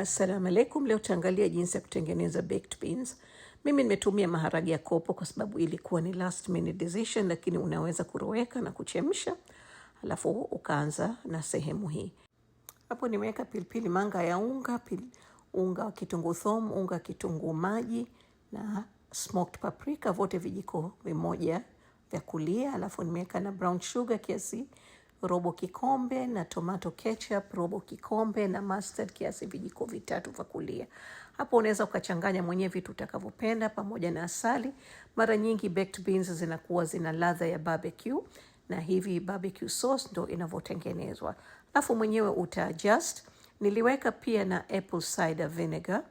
Assalamu alaikum. Leo tutaangalia jinsi ya kutengeneza baked beans. Mimi nimetumia maharage ya kopo kwa sababu ilikuwa ni last minute decision, lakini unaweza kuroweka na kuchemsha alafu ukaanza na sehemu hii. Hapo nimeweka pilipili manga ya unga pil, unga wa kitunguu thomu, unga wa kitunguu maji na smoked paprika, vote vijiko vimoja vya kulia, alafu nimeweka na brown sugar kiasi robo kikombe na tomato ketchup robo kikombe na mustard kiasi vijiko vitatu vya kulia. Hapo unaweza ukachanganya mwenyewe vitu utakavyopenda pamoja na asali. Mara nyingi baked beans zinakuwa zina ladha ya barbecue na hivi barbecue sauce ndo inavyotengenezwa, alafu mwenyewe uta adjust. Niliweka pia na apple cider vinegar,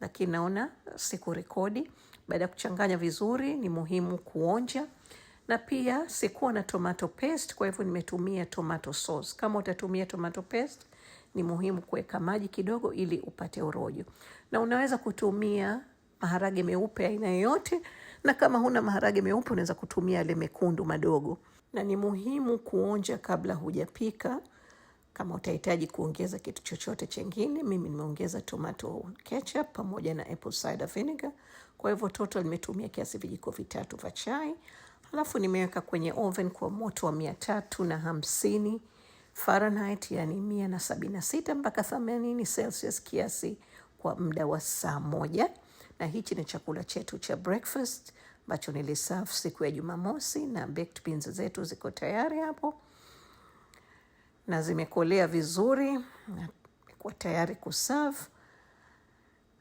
lakini naona siku rekodi. Baada ya kuchanganya vizuri, ni muhimu kuonja na pia sikuwa na tomato paste, kwa hivyo nimetumia tomato sauce. Kama utatumia tomato paste, ni muhimu kuweka maji kidogo ili upate urojo, na unaweza kutumia maharage meupe aina yoyote, na kama huna maharage meupe unaweza kutumia yale mekundu madogo, na ni muhimu kuonja kabla hujapika. Kama utahitaji kuongeza kitu chochote chengine, mimi nimeongeza tomato ketchup pamoja na apple cider vinegar. Kwa hivyo total nimetumia kiasi vijiko vitatu vya chai alafu nimeweka kwenye oven kwa moto wa mia tatu na hamsini Fahrenheit, yani mia na sabini na sita mpaka themanini Celsius kiasi kwa muda wa saa moja. Na hichi ni chakula chetu cha breakfast ambacho niliserve siku ya Jumamosi, na baked beans zetu ziko tayari hapo na zimekolea vizuri na kwa tayari kuserve.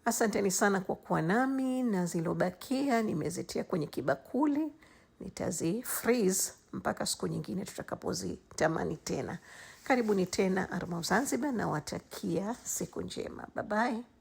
Asanteni sana kwa kuwa nami, na zilobakia nimezitia kwenye kibakuli nitazi freeze mpaka siku nyingine tutakapozitamani tena. Karibuni tena arma Zanzibar, nawatakia siku njema. Bye bye.